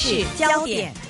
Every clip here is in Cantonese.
市焦點。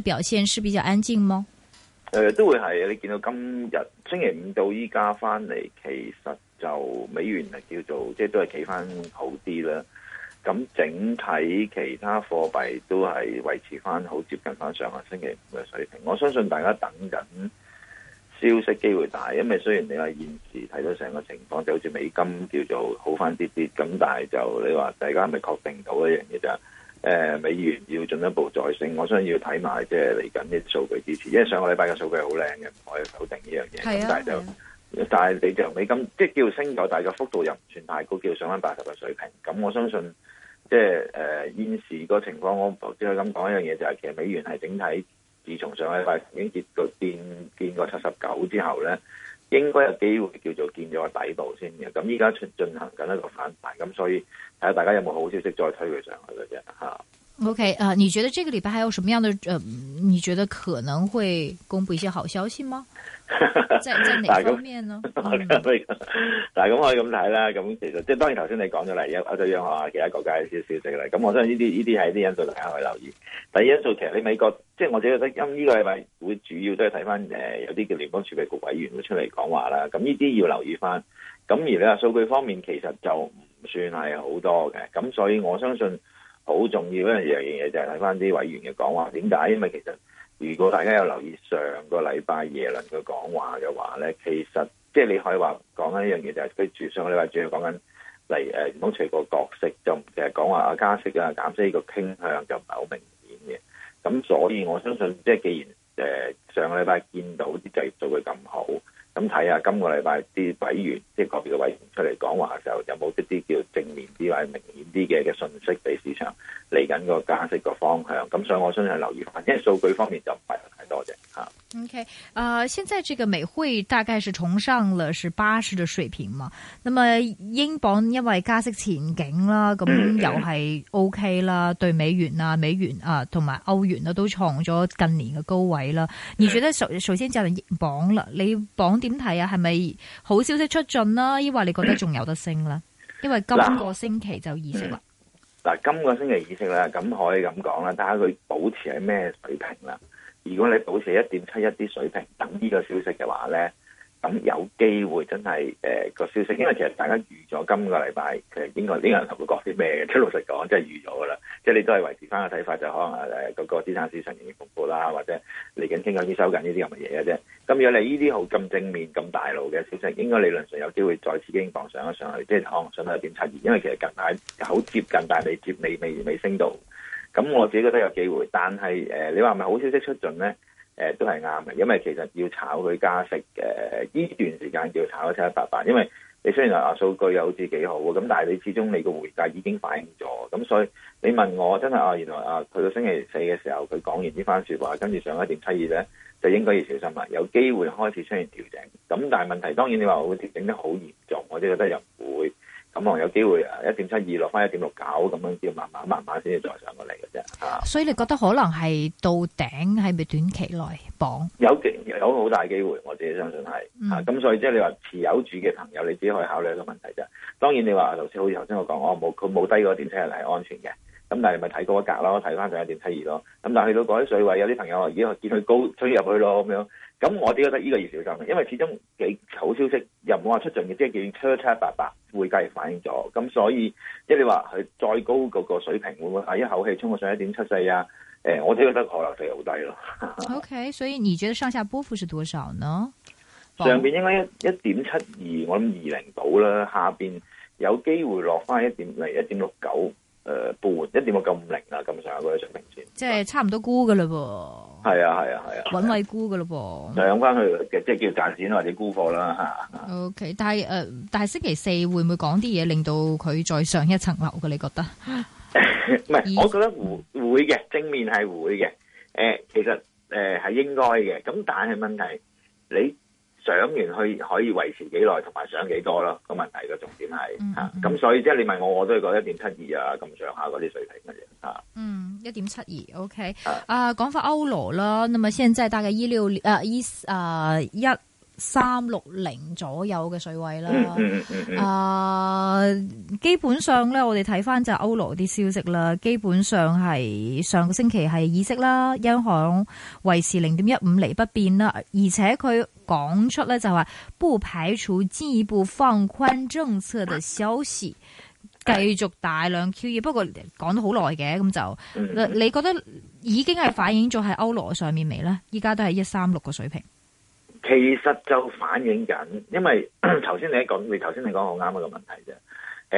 表現是比較安靜嗎？誒、嗯，都會係你見到今日星期五到依家翻嚟，其實就美元係叫做即係都係企翻好啲啦。咁整體其他貨幣都係維持翻好接近翻上個星期五嘅水平。我相信大家等緊消息機會大，因為雖然你話現時睇到成個情況就好似美金叫做好翻啲啲，咁但係就你話大家係咪確定到一樣嘢啫。誒、呃、美元要進一步再升，我相信要睇埋即係嚟緊啲數據支持，因為上個禮拜嘅數據好靚嘅，唔可以否定呢樣嘢。但係就但係你就你咁即係叫升咗，但係個幅度又唔算太高，叫、就是、上翻八十嘅水平。咁我相信即係誒現時個情況，我只係咁講一樣嘢，就係、是、其實美元係整體，自從上個禮拜曾經跌到見見過七十九之後咧。應該有機會叫做見咗個底度先嘅，咁依家進進行緊一個反彈，咁所以睇下大家有冇好消息再推佢上去嘅啫吓。O.K. 啊、uh,，你覺得這個禮拜還有什麼樣的？呃，你覺得可能會公佈一些好消息嗎？在在哪方面呢？但係咁可以咁睇啦。咁、嗯 嗯、其實即係當然頭先你講咗啦，有亞洲央行啊，其他國家有少少息嘅啦。咁我相信呢啲呢啲係啲因素，大家可以留意。第二因素其實你美國，即係我自己覺得因呢個禮拜會主要都係睇翻，誒，有啲叫聯邦儲備局委員會出嚟講話啦。咁呢啲要留意翻。咁而你話數據方面其實就唔算係好多嘅。咁所以我相信。好重要一樣嘢，就係睇翻啲委員嘅講話，點解？因為其實如果大家有留意上個禮拜耶倫嘅講話嘅話咧，其實即係、就是、你可以話講緊呢樣嘢，就係佢注上個禮拜主要講緊嚟，誒，唔同財局嘅角色，就唔淨係講話啊加息啊減息呢個傾向就唔係好明顯嘅。咁所以我相信，即係既然誒上個禮拜見到啲就業做嘅咁好。咁睇下今個禮拜啲委員，即係個別嘅委員出嚟講話嘅時候，有冇一啲叫正面啲或者明顯啲嘅嘅信息俾市場嚟緊個加息個方向。咁所以我相信係留意翻，因為數據方面就唔係。O K，啊，現在這個美匯大概是重上了是八十的水平嘛？那麼英鎊因為加息前景啦，咁又係 O K 啦，對美元啊、美元啊同埋歐元啊，都創咗近年嘅高位啦。而覺得首首先就係英鎊啦，你鎊點睇啊？係咪好消息出盡啦？抑或你覺得仲有得升啦、嗯？因為今個星期就意升啦。嗱、嗯，今個星期意升啦，咁可以咁講啦，睇下佢保持喺咩水平啦。如果你保持一點七一啲水平等呢個消息嘅話咧，咁有機會真係誒、呃嗰個消息，因為其實大家預咗今個禮拜其實誒邊個邊個同佢講啲咩嘅？即係老實講，真係預咗噶啦，即係你都係維持翻個睇法，就可能誒、啊、個、那個資產市場仍然復甦啦，或者嚟緊傾緊啲收緊呢啲咁嘅嘢嘅啫。咁如果你呢啲好咁正面咁大路嘅消息，應該理論上有機會再次經放上一上去，即係可能上到一點七二，因為其實近排好接近，但係未接未未未升到。咁我自己覺得有機會，但係誒、呃、你話係咪好消息出盡咧？誒、呃、都係啱嘅，因為其實要炒佢加息嘅呢、呃、段時間要炒一七一八八，因為你雖然話數據又好似幾好喎，咁但係你始終你個匯價已經反映咗，咁所以你問我真係啊，原來啊去到星期四嘅時候佢講完呢番説話，跟住上一點七二咧就應該要小心啦，有機會開始出現調整。咁但係問題當然你話會調整得好嚴重，我覺得又唔會。咁、嗯、我有機會啊，一點七二落翻一點六九咁樣，先慢慢慢慢先至再上過嚟嘅啫。所以你覺得可能係到頂係咪短期內綁？有有好大機會，我自己相信係、嗯、啊。咁所以即係你話持有住嘅朋友，你只可以考慮一個問題啫。當然你話頭先好似頭先我講，我冇佢冇低過一點七係嚟安全嘅。咁但係咪睇高一格咯？睇翻上一點七二咯。咁但係去到嗰啲水位，有啲朋友啊已經見佢高，推入去咯咁樣。咁我自己覺得呢個要小心，因為始終幾好消息又唔好話出盡嘅，即係叫七七八八匯價反映咗。咁所以即係你話佢再高嗰個水平會唔會啊一口氣衝過上一點七四啊？誒，我自己覺得可能性好低咯。OK，所以你覺得上下波幅是多少呢？上邊應該一一點七二，我諗二零到啦。下邊有機會落翻一點零、一點六九。誒，半一點六九五零啦，咁上下嗰隻水平線，即係差唔多沽㗎啦噃。係啊，係啊，係啊，搵位沽㗎咯噃，又諗翻去嘅，即係叫賺錢或者沽貨啦吓。O K，但係誒，但係星期四會唔會講啲嘢令到佢再上一層樓嘅？你覺得？唔係，我覺得會會嘅，正面係會嘅。誒，其實誒係應該嘅，咁但係問題你。想完去可以維持幾耐，同埋想幾多咯，個問題嘅重點係嚇，咁、嗯嗯啊、所以即係你問我，我都係覺得一點七二啊，咁上下嗰啲水平嘅啫，啊。嗯，一點七二 OK 啊，啊，講翻歐羅啦。咁啊，現在大概一六啊一啊一。1, 三六零左右嘅水位啦，啊、 呃，基本上咧，我哋睇翻就係歐羅啲消息啦。基本上係上個星期係議息啦，央行維持零點一五厘不變啦，而且佢講出咧就話不排除進一步放寬政策嘅消息，繼續大量 QE。不過講咗好耐嘅，咁就你覺得已經係反映咗喺歐羅上面未咧？依家都係一三六嘅水平。其實就反映緊，因為頭先你講，你頭先你講好啱一個問題啫。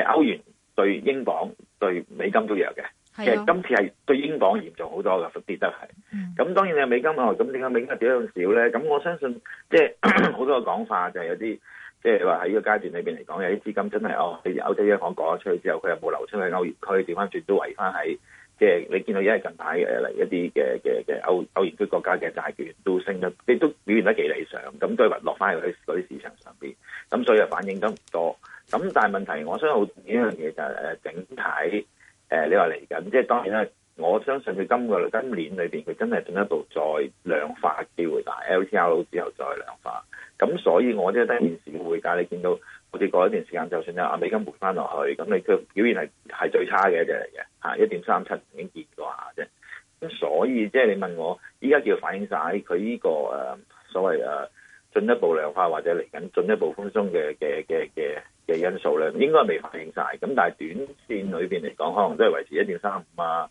誒，歐元對英鎊對美金都弱嘅，其實今次係對英鎊嚴重好多嘅，跌得係。咁當然你有美金哦，咁點解美金跌得咁少咧？咁我相信即係好多嘅講法就係有啲，即係話喺呢個階段裏邊嚟講，有啲資金真係哦，譬如歐洲央行講咗出去之後，佢又冇流出去歐元區，掉翻轉都圍翻喺。即、就、係、是、你見到一係近排誒嚟一啲嘅嘅嘅歐歐元區國家嘅債券都升得，亦都表現得幾理想。咁都係落翻去嗰啲市場上邊，咁所以又反映得唔多。咁但係問題我是、就是，我相信好呢樣嘢就係誒整體誒你話嚟緊，即係當然啦。我相信佢今個今年裏邊佢真係進一步再量化機會大，LTL 之後再量化。咁所以我都喺現時嘅匯價你見到。好似過一段時間，就算啊美金撥翻落去，咁你佢表現係係最差嘅一隻嚟嘅，嚇一點三七已經見過下啫。咁所以即係你問我，依家叫反映晒佢呢個誒、啊、所謂誒、啊、進一步量化或者嚟緊進一步寬鬆嘅嘅嘅嘅嘅因素咧，應該未反映晒。咁但係短線裏邊嚟講，可能都係維持一點三五啊，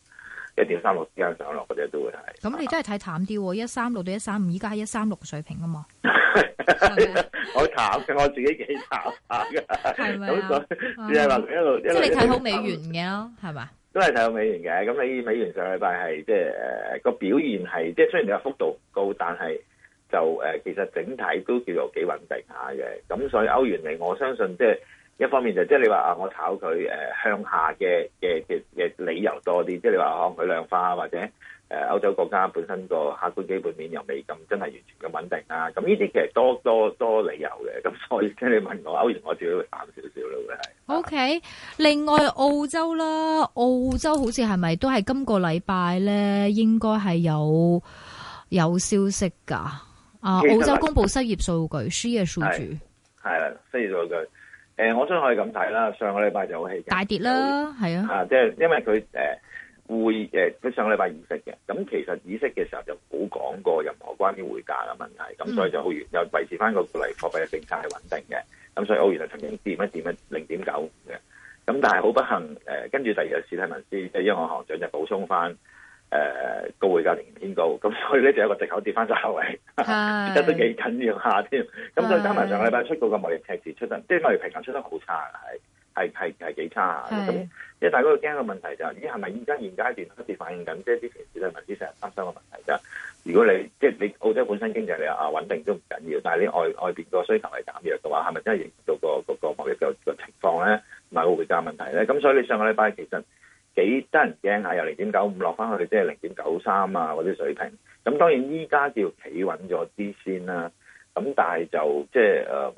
嗯、一點三六之間上落，或者都會係。咁你真係睇淡啲喎，一三六到一三五，而家係一三六水平啊嘛 係咪？我淡嘅，我自己幾淡下噶。咁 咪不是？ 所以只係話一路、嗯、一路即係睇好美元嘅咯，係、啊、嘛？都係睇好美元嘅。咁你美元上禮拜係即係誒個表現係，即係雖然你個幅度唔高，但係就誒、呃、其實整體都叫做幾穩定下嘅。咁所以歐元嚟，我相信即、就、係、是。一方面就即、是、係你話啊，我炒佢誒鄉下嘅嘅嘅嘅理由多啲，即、就、係、是、你話可佢量化或者誒歐洲國家本身個客觀基本面又未咁真係完全咁穩定啦，咁呢啲其實多多多理由嘅，咁所以即係你問我，歐元我自己會淡少少咯，會係。O K，另外澳洲啦， 澳洲好似係咪都係今個禮拜咧，應該係有有消息噶啊？澳洲公布失業數據，失嘅數據係啊，失業數據。誒、呃，我想可以咁睇啦。上個禮拜就好氣，大跌啦，係啊。啊，即、就、係、是、因為佢誒、呃、會誒，佢、呃、上個禮拜議息嘅，咁其實議息嘅時候就冇講過任何關於匯價嘅問題，咁所以就好完又維持翻個嚟貨幣嘅政策係穩定嘅，咁所以澳元係曾經跌一跌一零點九嘅，咁但係好不幸誒，跟、呃、住第二日史蒂文斯即係央行行長就補充翻。誒高匯價連年偏高，咁所以咧就有一個藉口跌翻下位，而家都幾緊要下添。咁再、嗯、加埋上個禮拜出嗰個貿易赤字出得，即係貿易平衡出得好差，係係幾差。咁即係大家會驚嘅問題就係、是，咦係咪而家現階段都跌反映緊，即係啲平時係唔係之成日發生嘅問題啫？如果你即係你澳洲本身經濟你啊穩定都唔緊要，但係你外外邊個需求係減弱嘅話，係咪真係影響到、嗰個個、嗰個貿易嘅情況咧，唔係個匯價問題咧？咁所以你上個禮拜其實。幾得人驚下，由零點九五落翻去，即係零點九三啊，嗰啲水平。咁當然依家叫企穩咗啲先啦、啊。咁但係就即係誒、嗯，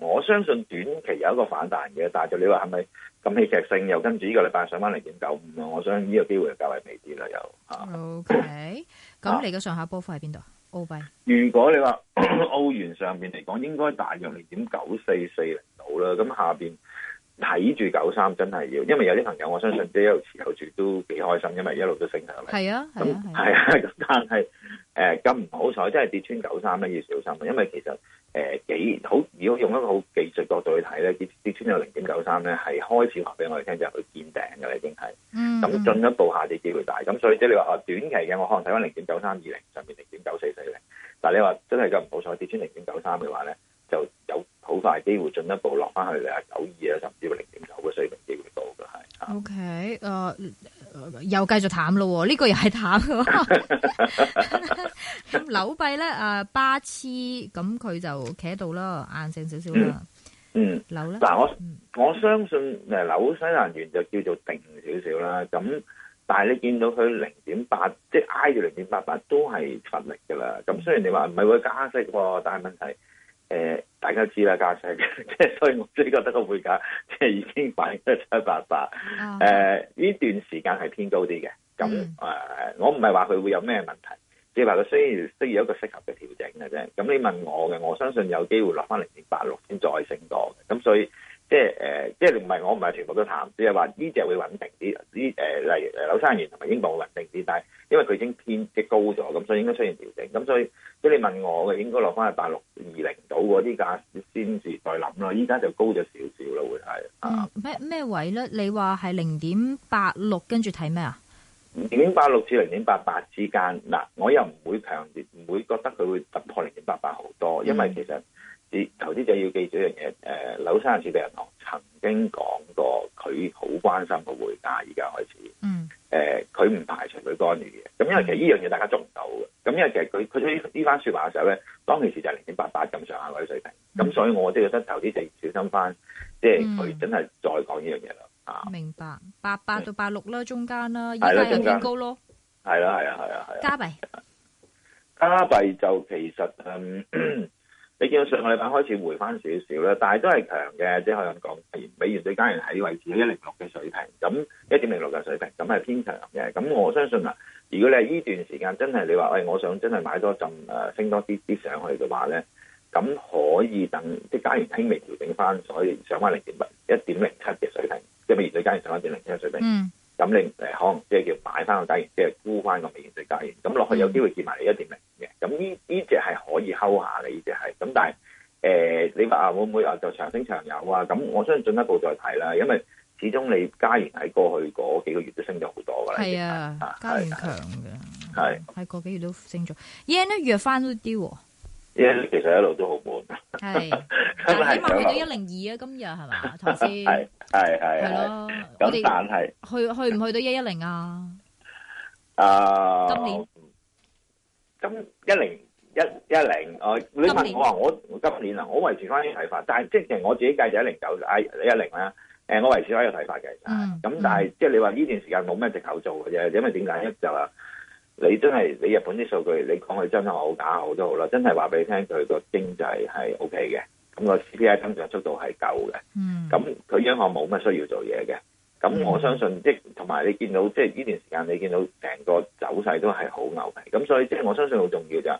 我相信短期有一個反彈嘅。但係就你話係咪咁戲劇性？又跟住呢個禮拜上翻零點九五啊！我相信呢個機會較為未啲啦，又、啊、吓。O K. 咁你嘅上下波幅喺邊度？澳幣。如果你話澳元上邊嚟講，應該大約零點九四四零度啦。咁下邊。睇住九三真係要，因為有啲朋友我相信即係一路持有住都幾開心，因為一路都升係咪？係啊，咁係啊，咁、啊啊、 但係誒唔好彩，真係跌穿九三咧要小心，因為其實誒幾好，如、呃、果用一個好技術角度去睇咧，跌跌，跌穿咗零點九三咧係開始話俾我哋聽就係佢見頂嘅啦，已經係。咁進一步下跌機會大，咁所以即係你話啊短期嘅我可能睇翻零點九三二零上面，零點九四四零，但係你話真係咁唔好彩跌穿零點九三嘅話咧。大機會進一步落翻去啊，九二啊，甚至乎零點九嘅水平機會到嘅係。O K，誒又繼續淡咯喎，這個、也是了。 呢個又係淡喎。咁紐幣咧啊，巴黐咁佢就企喺度啦，硬性少少啦。嗯，樓咧嗱，但我我相信誒紐、嗯、西蘭元就叫做定少少啦。咁但係你見到佢零點八，即係挨住零點八八都係乏力嘅啦。咁雖然你話唔係會加息喎、嗯，但係問題。誒、呃，大家都知啦，加上即係，所以我先覺得個匯價即係已經反映得七七八八。誒、oh. 呃，呢段時間係偏高啲嘅，咁誒、mm. 呃，我唔係話佢會有咩問題，只係佢需要需要一個適合嘅調整嘅啫。咁你問我嘅，我相信有機會落翻零點八六先再升多嘅。咁所以。即係誒、呃，即係唔係我唔係全部都淡，只係話呢，只會穩定啲。呢誒，例如誒，紐山園同埋英鎊穩定啲，但係因為佢已經偏即高咗，咁所以應該出現調整。咁所以即係你問我嘅，應該落翻去八六二零度嗰啲價先至再諗咯。依家就高咗少少咯，會係咩咩位咧？你話係零點八六，跟住睇咩啊？零點八六至零點八八之間嗱，我又唔會強烈，唔會覺得佢會突破零點八八好多，因為其實。嗯投資者要記住一樣嘢，誒、呃，紐山市銀行曾經講過佢好關心嘅匯價，而家開始，嗯，誒、呃，佢唔排除佢干預嘅，咁因為其實呢樣嘢大家做唔到嘅，咁因為其實佢佢呢呢番說話嘅時候咧，當其時就係零點八八咁上下位水平，咁、嗯、所以我即係覺得投資者小心翻，即係佢真係再講呢樣嘢啦，啊、嗯，明白，八八到八六啦，中間啦，而家係偏高咯，係啦，係啊，係啊，係啊，加幣，加幣就其實嗯。咳咳你見到上個禮拜開始回翻少少啦，但係都係強嘅，即係可能講美元兌加元喺位置一零六嘅水平，咁一點零六嘅水平，咁係偏強嘅。咁我相信啊，如果你係呢段時間真係你話，喂、哎，我想真係買多陣誒、啊、升多啲啲上去嘅話咧，咁可以等即係加元輕微調整翻，所以上翻零點一點零七嘅水平，即係美元兌加元上翻一點零七嘅水平。嗯。咁你誒可能即係叫買翻個底，即、就、係、是、沽翻個美元兌加元，咁落去有機會見埋你一點零嘅。咁呢呢只係可以睺下你呢只係。咁但係誒、呃，你話會唔會啊？就長升長有啊？咁我相信進一步再睇啦，因為始終你加元喺過去嗰幾個月都升咗好多㗎。係啊，加元強㗎，係係、啊、個幾月都升咗，yen 咧弱翻啲喎。其實一路都好悶是 是好悶，係，但係起碼去到一零二啊，今日係嘛，頭先？係係係，係咯，咁但係去去唔去到一一零啊？啊，今年，今一零一一零，我你問我啊，我今年啊，我維持翻啲睇法，但係即係我自己計就、哎、一零九，唉、嗯，一零啦，誒、嗯，我維持翻個睇法嘅，咁但係即係你話呢段時間冇咩值得做嘅啫，因為點解咧就啊？你真係你日本啲數據，你講佢真係好假好都好啦，真係話俾你聽佢個經濟係 O K 嘅，咁個 C P I 增長速度係夠嘅，咁、嗯、佢央行冇乜需要做嘢嘅，咁我相信即同埋你見到即係呢段時間你見到成個走勢都係好牛嘅，咁所以即係我相信好重要就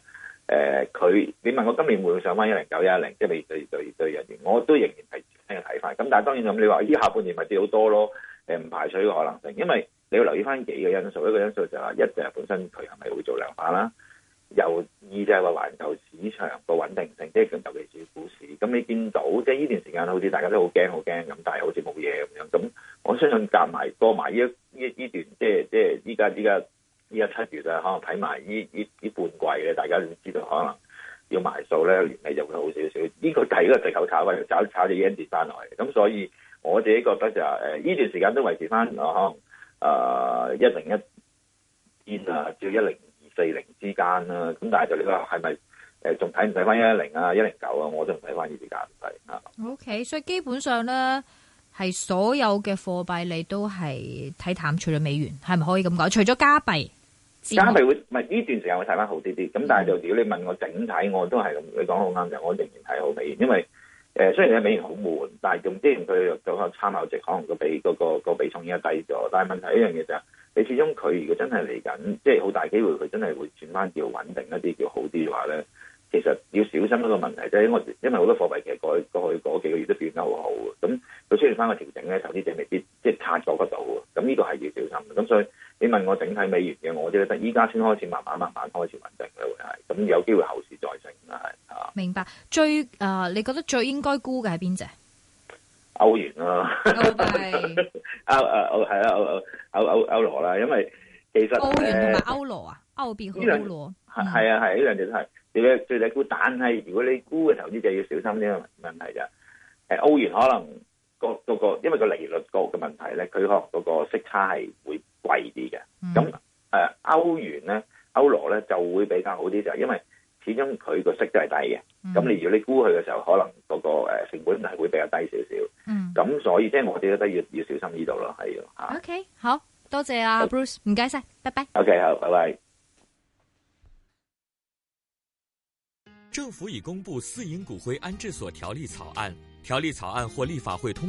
誒佢，你問我今年會唔會上翻一零九一一零，即係你對人對對人，我都仍然係咁樣睇法。咁但係當然咁你話呢下半年咪跌好多咯，誒唔排除個可能性，因為。你要留意翻幾個因素，一個因素就係、話、一就係本身佢係咪會做量化啦，又二就係話環球市場個穩定性，即係尤其是股市。咁你見到即係呢段時間好似大家都好驚好驚咁，但係好似冇嘢咁樣。咁我相信夾埋過埋呢呢呢段即係即係依家依家依家七月啦，可能睇埋呢依半季咧，大家都知道可能要埋數咧，年尾就會好少少。呢、呢個係一個集體炒啊，炒炒到 Yen 啲翻來。咁所以我自己覺得就係、是、呢、呃、段時間都維持翻可能。誒，一零一千啊，至一零二四零之間啦。咁但係就你話係咪誒，仲睇唔睇翻一一零啊，一零九啊？我都唔睇翻呢啲價位啊。OK，所以基本上咧，係所有嘅貨幣你都係睇淡，除咗美元，係咪可以咁講？除咗加幣，加幣會唔係呢段時間會睇翻好啲啲。咁、mm -hmm. 但係就如果你問我整體，我都係咁，你講好啱嘅我仍然睇好美元，因為。誒，雖然係美元好悶，但係總之佢作為參考值，可能個比嗰個比重已經低咗。但係問題一樣嘢就係，你始終佢如果真係嚟緊，即係好大機會佢真係會轉翻叫穩定一啲，叫好啲嘅話咧，其實要小心一個問題啫。因為因為好多貨幣其實過去過去嗰幾個月都變得好好，咁佢出現翻個調整咧，投資者未必即係察覺得到。咁呢度係要小心。咁所以你問我整體美元嘅，我覺得依家先開始慢慢慢慢開始穩定，咁有機會後市再。明白最、呃、你覺得最應該沽嘅係邊隻？歐元啊，歐歐誒、歐係啦、歐歐歐歐羅啦，因為其實歐元同埋歐羅啊，歐元同歐羅係啊係呢兩隻都係最最沽，但係如果你沽嘅投資就要小心呢個，個，個問題就誒歐元可能個個因為個利率嗰嘅問題咧，佢學個息差係會貴啲嘅，咁誒歐元咧、歐羅咧就會比較好啲，就係因為。始終佢個息都係低嘅，咁、嗯、你如果你估佢嘅時候，可能嗰個誒成本係會比較低少少。咁、嗯、所以即係我哋都得要要小心呢度咯，係要吓。OK，好多謝啊，Bruce，唔該晒，拜拜。OK，好，拜拜。政府已公布私營骨灰安置所條例草案，條例草案獲立法會通。